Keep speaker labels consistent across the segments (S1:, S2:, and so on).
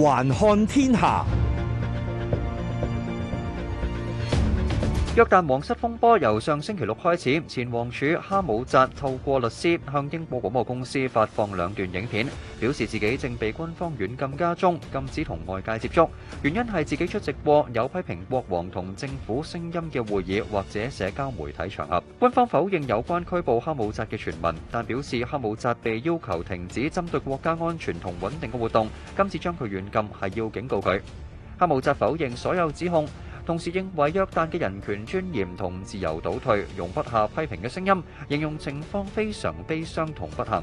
S1: 環看天下。約旦王室風波由上星期六開始，前王儲哈姆扎透過律師向英國廣播公司發放兩段影片，表示自己正被官方軟禁家中，禁止同外界接觸，原因係自己出席過有批評國王同政府聲音嘅會議或者社交媒體場合。官方否認有關拘捕哈姆扎嘅傳聞，但表示哈姆扎被要求停止針對國家安全同穩定嘅活動，今次將佢軟禁係要警告佢。哈姆扎否認所有指控，同時認為約旦嘅人權尊嚴同自由倒退，容不下批評嘅聲音，形容情況非常悲傷同不幸。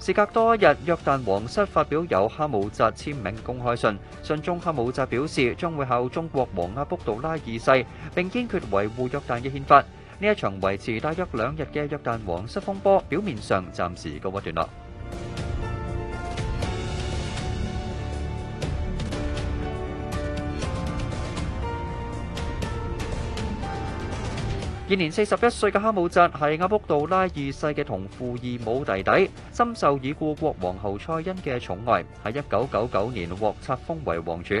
S1: 事隔多日，約旦王室發表有哈姆扎簽名公開信，信中哈姆扎表示將會效忠國王阿卜杜拉二世，並堅決維護約旦嘅憲法。呢一場維持大約兩日嘅約旦王室風波，表面上暫時告一段落。現年四十一歲嘅哈姆扎係阿卜杜拉二世嘅同父異母弟弟，深受已故國王侯賽因嘅寵愛，喺一九九九年獲冊封為王儲。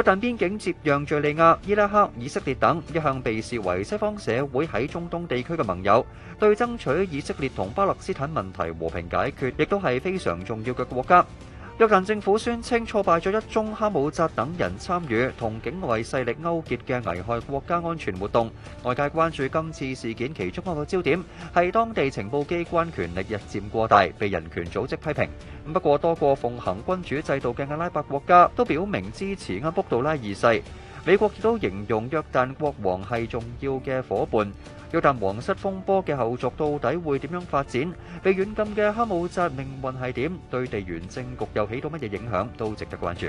S1: 不但邊境接壤敍利亞、伊拉克、以色列等一向被視為西方社會喺中東地區嘅盟友，對爭取以色列同巴勒斯坦問題和平解決，亦都係非常重要嘅國家。約旦政府宣稱挫敗咗一宗哈姆扎等人參與同境外勢力勾結嘅危害國家安全活動，外界關注今次事件其中一個焦點係當地情報機關權力日漸過大，被人權組織批評。不過多個奉行君主制度嘅阿拉伯國家都表明支持阿卜杜拉二世。美國亦都形容約旦國王係重要嘅伙伴。約旦王室風波嘅後續到底會點樣發展？被軟禁嘅哈姆扎命運係點？對地緣政局又起到乜嘢影響？都值得關注。